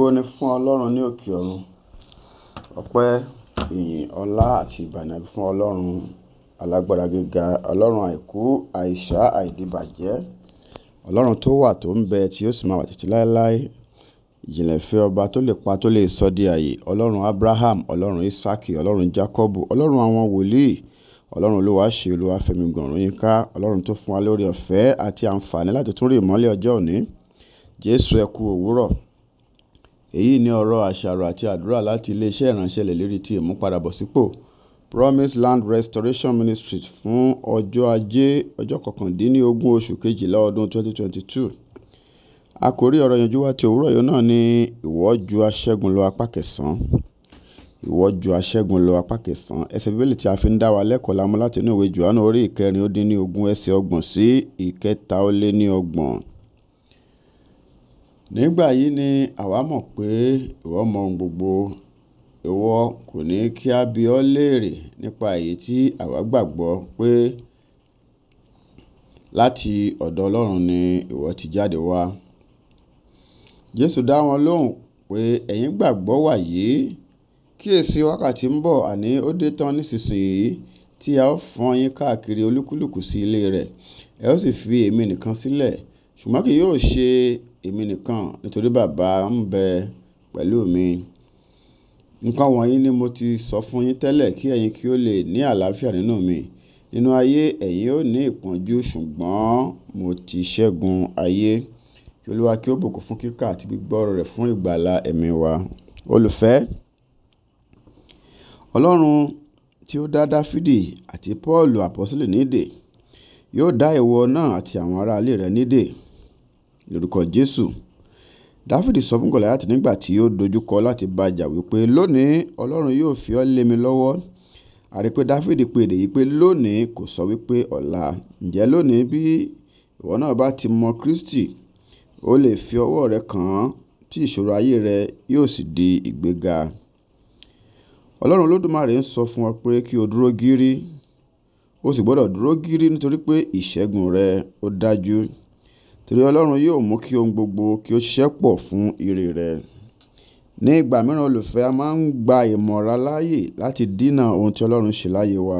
ògo ni fún ọlọ́run ní òkè ọ̀run ọpẹ́ ìyìn ọlá àti ìbànú fún ọlọ́run alágbára gíga ọlọ́run àìkú àìsá àìdìbàjẹ́ ọlọ́run tó wà tó ń bẹ tí ó sì máa wà títí láéláé ìjìnlẹ̀ ìfẹ́ ọba tó lè pa tó lè sọ di àyè ọlọ́run abraham ọlọ́run isaki ọlọ́run jacobu ọlọ́run àwọn wòlíì ọlọ́run olúwa ṣe olúwa fẹmi gbọ̀nrún yín ká ọlọ́run tó fún wa lórí ọ̀fẹ́ àti àǹfààní láti tún rí ìmọ́lẹ̀ ọjọ́ òní jésù ẹ kú òwúrọ̀ èyí ni ọ̀rọ̀ àṣàrò àti àdúrà láti iléeṣẹ́ ìránṣẹ́ ìlérí ti ìmúpadàbọ̀sípò promise land restoration ministries fún ọjọ́ ajé ọjọ́ kọkàndínlógún oṣù kejìlá ọdún twenty twenty two àkòrí ọ̀rọ̀ yanjú wa ti òwúrọ̀ yìí náà ni ìwọ ju aṣẹ́gun lọ apá kẹsàn-án ìwọ ju aṣẹ́gun lọ apá kẹsàn-án ẹsẹ̀ bíbélì tí a fi ń dá wa lẹ́kọ̀ọ́ la mú láti inú ìwé Jòhánù orí ìkẹrin ó dín ní ogún ẹsẹ̀ ọgbọ̀n sí ìkẹta ó lé ní ọgbọ̀n nígbà yìí ni àwa mọ̀ pé ìwọ mọ ohun gbogbo ìwọ kò ní kí a bi ọ́ léèrè nípa èyí tí àwa gbàgbọ́ pé láti ọ̀dọ̀ ọlọ́run ni ìwọ ti jáde wá jésù dá wọn lóhùn pé ẹ̀yin gbàgbọ́ wàyí kíyèsí wákàtí ń bọ̀ àní ó dé tán nísinsìnyí tí a ó fọ́n yín káàkiri olúkúlùkù sí ilé rẹ̀ ẹ ó sì fi èmi nìkan sílẹ̀ ṣùgbọ́n kì yóò ṣe èmi nìkan nítorí bàbá ń bẹ pẹ̀lú mi nǹkan wọ̀nyí ni mo ti sọ fún yín tẹ́lẹ̀ kí ẹ̀yin kí ó lè ní àlàáfíà nínú mi nínú ayé ẹ̀yin ó ní ìpọ́njú ṣùgbọ́n mo ti ṣẹ́gun ayé kí olúwa kí ó bùkún fún kíkà àti gbígbọ́rọ̀ rẹ̀ fún ìgbàlà ẹ̀mí wa olùfẹ́ ọlọ́run tí ó dá dáfídì àti pọ́ọ̀lù àpọ́sítélì nídè yóò dá ìwọ náà àti àwọn aráalé rẹ nídè lórúkọ Jésù Dáfídì sọ fún Gòláyàtì nígbà tí ó dojúkọ láti bá a jà wípé lónìí Ọlọ́run yóò fi ọ́ lé mi lọ́wọ́ a rí pé Dáfídì pe èdè yìí pé lónìí kò sọ wípé ọ̀la ǹjẹ́ lónìí bí ìwọ náà bá ti mọ Kristi ó lè fi ọwọ́ rẹ kàn án tí ìṣòro ayé rẹ yóò sì di ìgbéga Ọlọ́run Olódùmarè ń sọ fún ọ pé kí o dúró gírí o sì gbọ́dọ̀ dúró gírí nítorí pé ìṣẹ́gun rẹ ó dájú Torí Ọlọ́run yóò mú kí ohun gbogbo kí ó ṣiṣẹ́ pọ̀ fún ire rẹ̀. Ní ìgbà mìíràn olùfẹ́ a máa ń gba ìmọ̀ra láàyè láti dínà ohun tí Ọlọ́run ṣe láyé wa.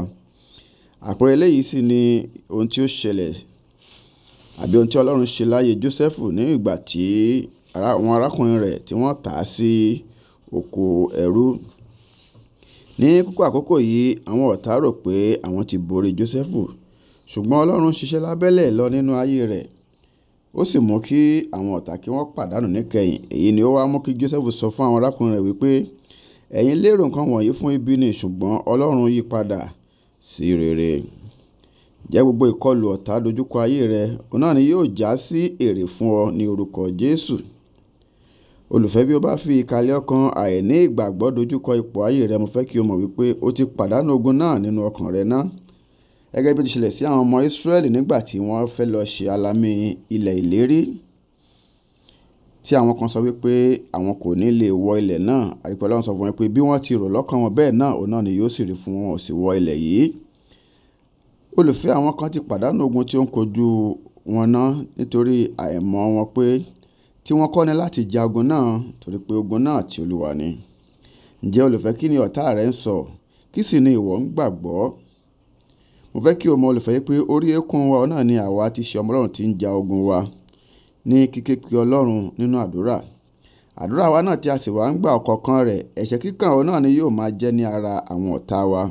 Àpẹẹrẹ eléyìí sì ni ohun tí ó ṣẹlẹ̀ àbí ohun tí Ọlọ́run ṣe láyé Jósẹ́fù ní ìgbà tí àwọn arákùnrin rẹ̀ tí wọ́n tà á sí oko ẹrú. Ní kúkú àkókò yìí àwọn ọ̀tá rò pé àwọn ti borí Jósẹ́fù ṣùgbọ́n Ọlọ́run ṣiṣẹ́ lábẹ́lẹ̀ lọ nínú ayé rẹ̀ ó sì mú kí àwọn ọ̀tá kí wọ́n pàdánù níkẹyìn èyí ni ó wá mú kí Jósẹ́fù sọ fún àwọn arákùnrin rẹ̀ wípé ẹ̀yin lérò nǹkan wọ̀nyí fún ibi ni ṣùgbọ́n Ọlọ́run yí padà sí rere jẹ́ gbogbo ìkọlù ọ̀tá dojúkọ ayé rẹ òun náà ni yóò já sí èrè fún ọ ní orúkọ Jésù olùfẹ́ bí o bá fi ìkàlẹ̀ ọkàn àìní ìgbàgbọ́ dojúkọ ipò ayé rẹ mo fẹ́ kí o mọ̀ wípé o ti pàdánù ogun náà nínú ọkàn rẹ náà gẹ́gẹ́ bí ó ti ṣẹlẹ̀ sí àwọn ọmọ Ísírẹ́lì nígbà tí wọ́n fẹ́ lọ ṣe alamí ilẹ̀ ìlérí tí àwọn kan sọ wípé àwọn kò ní lè wọ ilẹ̀ náà àrípẹ́ Ọlọ́run sọ fún wọn pé bí wọ́n ti rò lọ́kàn wọn bẹ́ẹ̀ náà òun náà ni yóò sì rí fún wọn ò sì wọ ilẹ̀ yìí olùfẹ́ àwọn kan ti pàdánù ogun tí ó ń kojú wọn náà nítorí àìmọ̀ wọn pé tí wọ́n kọ́ ni láti jagun náà torí pé ogun náà ti Olúwa ni ǹjẹ́ olùfẹ́ kí ni ọ̀tá rẹ ń sọ kí sì ni ìwọ ń gbàgbọ́ mo fẹ́ kí o mọ olùfẹ́ pé orí eékún wa náà ni àwa ti ṣe ọmọ ọlọ́run ti ń ja ogun wa ní kíké pe ọlọ́run nínú àdúrà àdúrà wa náà tí a sì wá ń gbà ọ̀kọ̀ọ̀kan rẹ̀ ẹ̀ṣẹ̀ kíkàn òun náà ni yóò máa jẹ́ ní ara àwọn ọ̀tá wa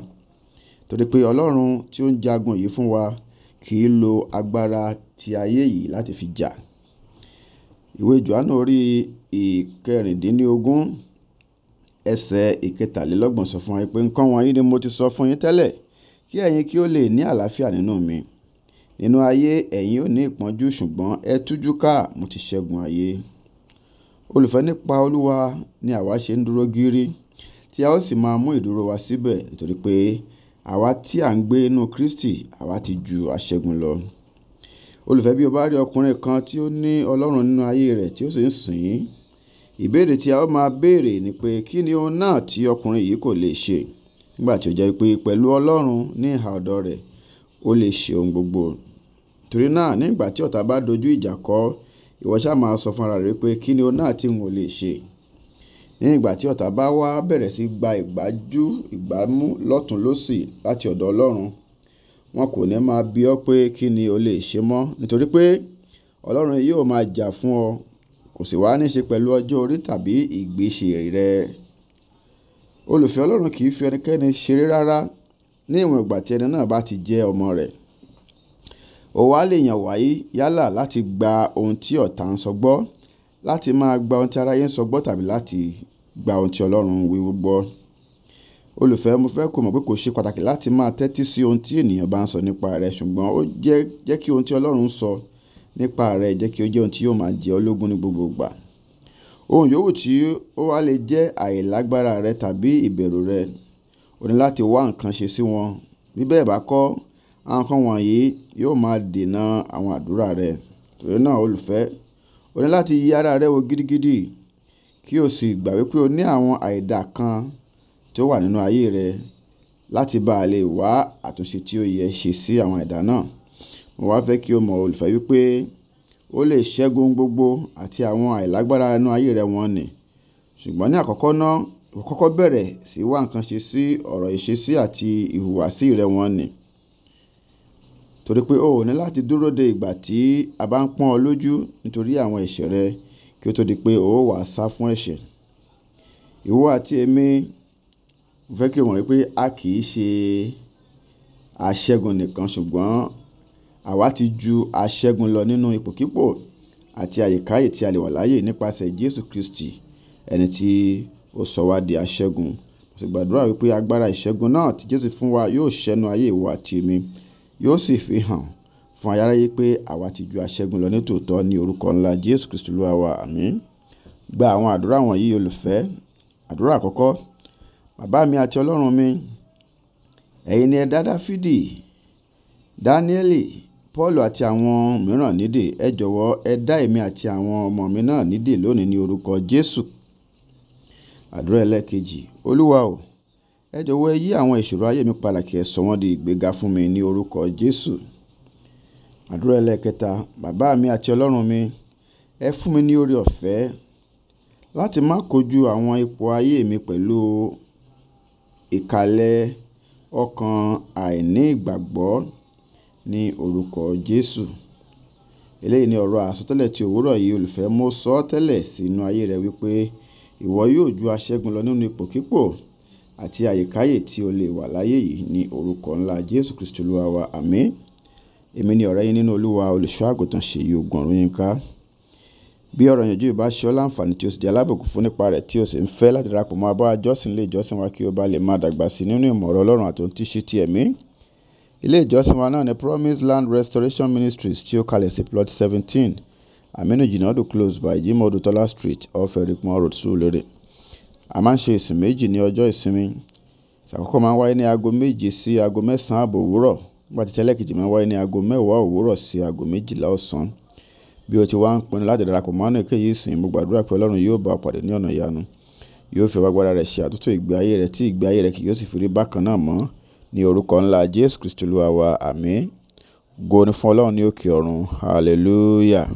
torí pé ọlọ́run tí ó ń jagun yìí fún wa kì í lo agbára ti ayé yìí láti fi jà ìwé Jòhánù orí ìkẹrìndínlógún ẹsẹ̀ ìkẹtàlélọ́gbọ̀n sọ fún wa pé nǹkan wọ̀nyí ni mo ti sọ fún yín tẹ́lẹ̀ kí ẹ̀yin kí ó lè ní àlàáfíà nínú mi. Nínú ayé ẹ̀yin ò ní ìpọ́njú ṣùgbọ́n ẹ tújú ká mo ti ṣẹ́gun ayé. Olùfẹ́ nípa Olúwa ni àwa ṣe ń dúró gírí tí a ó sì máa mú ìdúró wa síbẹ̀ nítorí pé àwa tí à ń gbé inú Kristi àwa ti ju aṣẹ́gun lọ. Olùfẹ́ bí o bá rí ọkùnrin kan tí ó ní Ọlọ́run nínú ayé rẹ̀ tí ó sì ń sìn ín, ìbéèrè tí a ó máa béèrè ni pé kí ni ohun náà tí ọkùnrin yìí kò lè ṣe? nígbà tí ó jẹ́ pé pẹ̀lú Ọlọ́run ní ìhà ọ̀dọ̀ rẹ̀ o lè ṣe ohun gbogbo. Torí náà nígbà tí ọ̀tá bá dojú ìjà kọ ọ́, ìwọ ṣá máa sọ fún ara rẹ pé kí ni ọ̀nà tí n ò lè ṣe? Ní ìgbà tí ọ̀tá bá wá bẹ̀rẹ̀ sí gba ìgbájú ìgbámú lọ́tùn lósì láti ọ̀dọ̀ Ọlọ́run, wọn kò ní máa bi ọ́ pé kí ni o lè ṣe mọ́ nítorí pé Ọlọ́run yóò máa jà fún ọ, kò sì wá ní ṣe pẹ̀lú ọjọ́ orí tàbí ìgbésẹ̀ rẹ olùfẹ́ ọlọ́run kì í fi ẹnikẹ́ni ṣeré rárá ní ìwọ̀n ìgbà tí ẹni náà bá ti jẹ́ ọmọ rẹ̀ ó wá lè yàn wáyé yálà láti gba ohun tí ọ̀tá ń sọ gbọ́ láti máa gba ohun tí aráyé ń sọ gbọ́ tàbí láti gba ohun tí ọlọ́run wí gbọ́ olùfẹ́ mo fẹ́ kó mọ̀ pé kò ṣe pàtàkì láti máa tẹ́tí sí ohun tí ènìyàn bá ń sọ nípa rẹ̀ ṣùgbọ́n ó jẹ́ jẹ́ kí ohun tí ọlọ́run sọ nípa rẹ̀ jẹ́ kí ó jẹ́ ohun tí yóò máa jẹ́ ológún ní gbogbo ìgbà ohun yòówù tí ó wá lè jẹ́ àìlágbára rẹ tàbí ìbẹ̀rù rẹ o ní láti wá nǹkan ṣe sí wọn bí bẹ́ẹ̀ bá kọ́ àwọn nǹkan wọ̀nyí yóò máa dènà àwọn àdúrà rẹ torí náà olùfẹ́ o ní láti yí ara rẹ wò gidigidi kí o sì gbà wípé o ní àwọn àìdá kan tí ó wà nínú ayé rẹ láti bá a lè wá àtúnṣe tí ó yẹ ṣe sí àwọn àìdá náà mo wá fẹ́ kí o mọ̀ olùfẹ́ wípé ó lè ṣẹ́gun ohun gbogbo àti àwọn àìlágbára inú ayé rẹ̀ wọ̀nnì ṣùgbọ́n ní àkọ́kọ́ ná ìwọ kọ́kọ́ bẹ̀rẹ̀ sí wá nǹkan ṣe sí ọ̀rọ̀ ìṣesí àti ìhùwàsí rẹ̀ wọ̀nnì torí pé o ò ní láti dúró de ìgbà tí a bá ń pọ́n ọ lójú nítorí àwọn ẹ̀ṣẹ̀ rẹ kí ó tó di pé o ó wàá sá fún ẹ̀ṣẹ̀ ìwọ àti èmi mo fẹ́ kí o mọ̀ wípé a kì í ṣe aṣẹ́gun nìkan ṣùgbọ́n àwa ti ju aṣẹ́gun lọ nínú ipòkípò àti àyíkáyè tí a lè wà láàyè nípasẹ̀ Jésù Kristi ẹni tí ó sọ wá di aṣẹ́gun mo sì gbàdúrà wípé agbára ìṣẹ́gun náà tí Jésù fún wa yóò ṣẹ́nu ayé ìwọ àti èmi yóò sì fi hàn fún ayáráyé pé àwa ti ju aṣẹ́gun lọ nítòótọ́ ní orúkọ ńlá Jésù Kristi Olúwa wa àmín gba àwọn àdúrà wọ̀nyí olùfẹ́ àdúrà àkọ́kọ́ bàbá mi àti ọlọ́run mi ẹ̀yin ni ẹ dá Dáfídì Dáníẹ́lì paul àti àwọn mìíràn nídè ẹ jọ̀wọ́ ẹ dá èmi àti àwọn ọmọ mi náà nídè lónìí ní orúkọ jésù àdúrà ẹlẹ́ẹ̀kejì olúwa o ẹ jọ̀wọ́ ẹ yí àwọn ìṣòro ayé mi padà kí ẹ sọ wọ́n di ìgbéga fún mi ní orúkọ jésù àdúrà ẹlẹ́ẹ̀kẹta bàbá mi àti ọlọ́run mi ẹ fún mi ní oore ọ̀fẹ́ láti má kojú àwọn ipò ayé mi pẹ̀lú ìkàlẹ̀ ọkàn àìní ìgbàgbọ́ ní orúkọ Jésù. Eléyìí ni ọ̀rọ̀ àsọtẹ́lẹ̀ ti òwúrọ̀ yìí olùfẹ́ mo sọ ọ́ tẹ́lẹ̀ sínú ayé rẹ wípé ìwọ yóò ju aṣẹ́gun lọ nínú ipòkípò àti àyíkáyè tí o lè wà láyé yìí ní orúkọ ńlá Jésù Kristi Olúwa wa àmín. Èmi ni ọ̀rẹ́ yín nínú Olúwa olùṣọ́ àgùntàn Ṣèyí Ogun ọ̀run yín ká. Bí ọ̀rọ̀ yẹn yóò bá ṣe ọ́ láǹfààní tí o sì di alábòkún fún nípa rẹ̀ tí o sì ń fẹ́ láti darapọ̀ mọ́ abọ́ àjọsìn ilé ìjọsìn wa kí o bá lè máa dàgbà sí nínú ìmọ̀ Ọlọ́run àti ohun tí ṣe ti ẹ̀mí ilé ìjọsìn wa náà ní promise land restoration ministries tí ó kalẹ̀ sí plot seventeen aminu jinadu close by jimodu tola street off erikpon road surulere a máa ń ṣe ìsìn méjì ní ọjọ́ ìsinmi ìsàkókò máa ń wáyé ní aago méje sí aago mẹ́sàn-án ààbọ̀ òwúrọ̀ nígbà tí tẹ́lẹ̀kejì máa ń wáyé ní aago mẹ́wàá òwúrọ̀ sí aago méjìlá ọ̀sán bí o ti wá ń pinnu láti darapọ̀ mọ́ àánú èkéyìí ìsìn mo gbàdúrà pé ọlọ́run yóò bá ọ pàdé ní ọ̀nà ìyanu yóò fi ọwọ́ agbára rẹ̀ ṣe àtúntò ìgbé ayé rẹ tí ìgbé ayé rẹ kì yóò sì fi rí bákan náà mọ́ Ní orúkọ ńlá Jésù Kristì Olúwa wa, àmín. Ògo ni fún Ọlọ́run ní òkè ọ̀run. Hallelujah.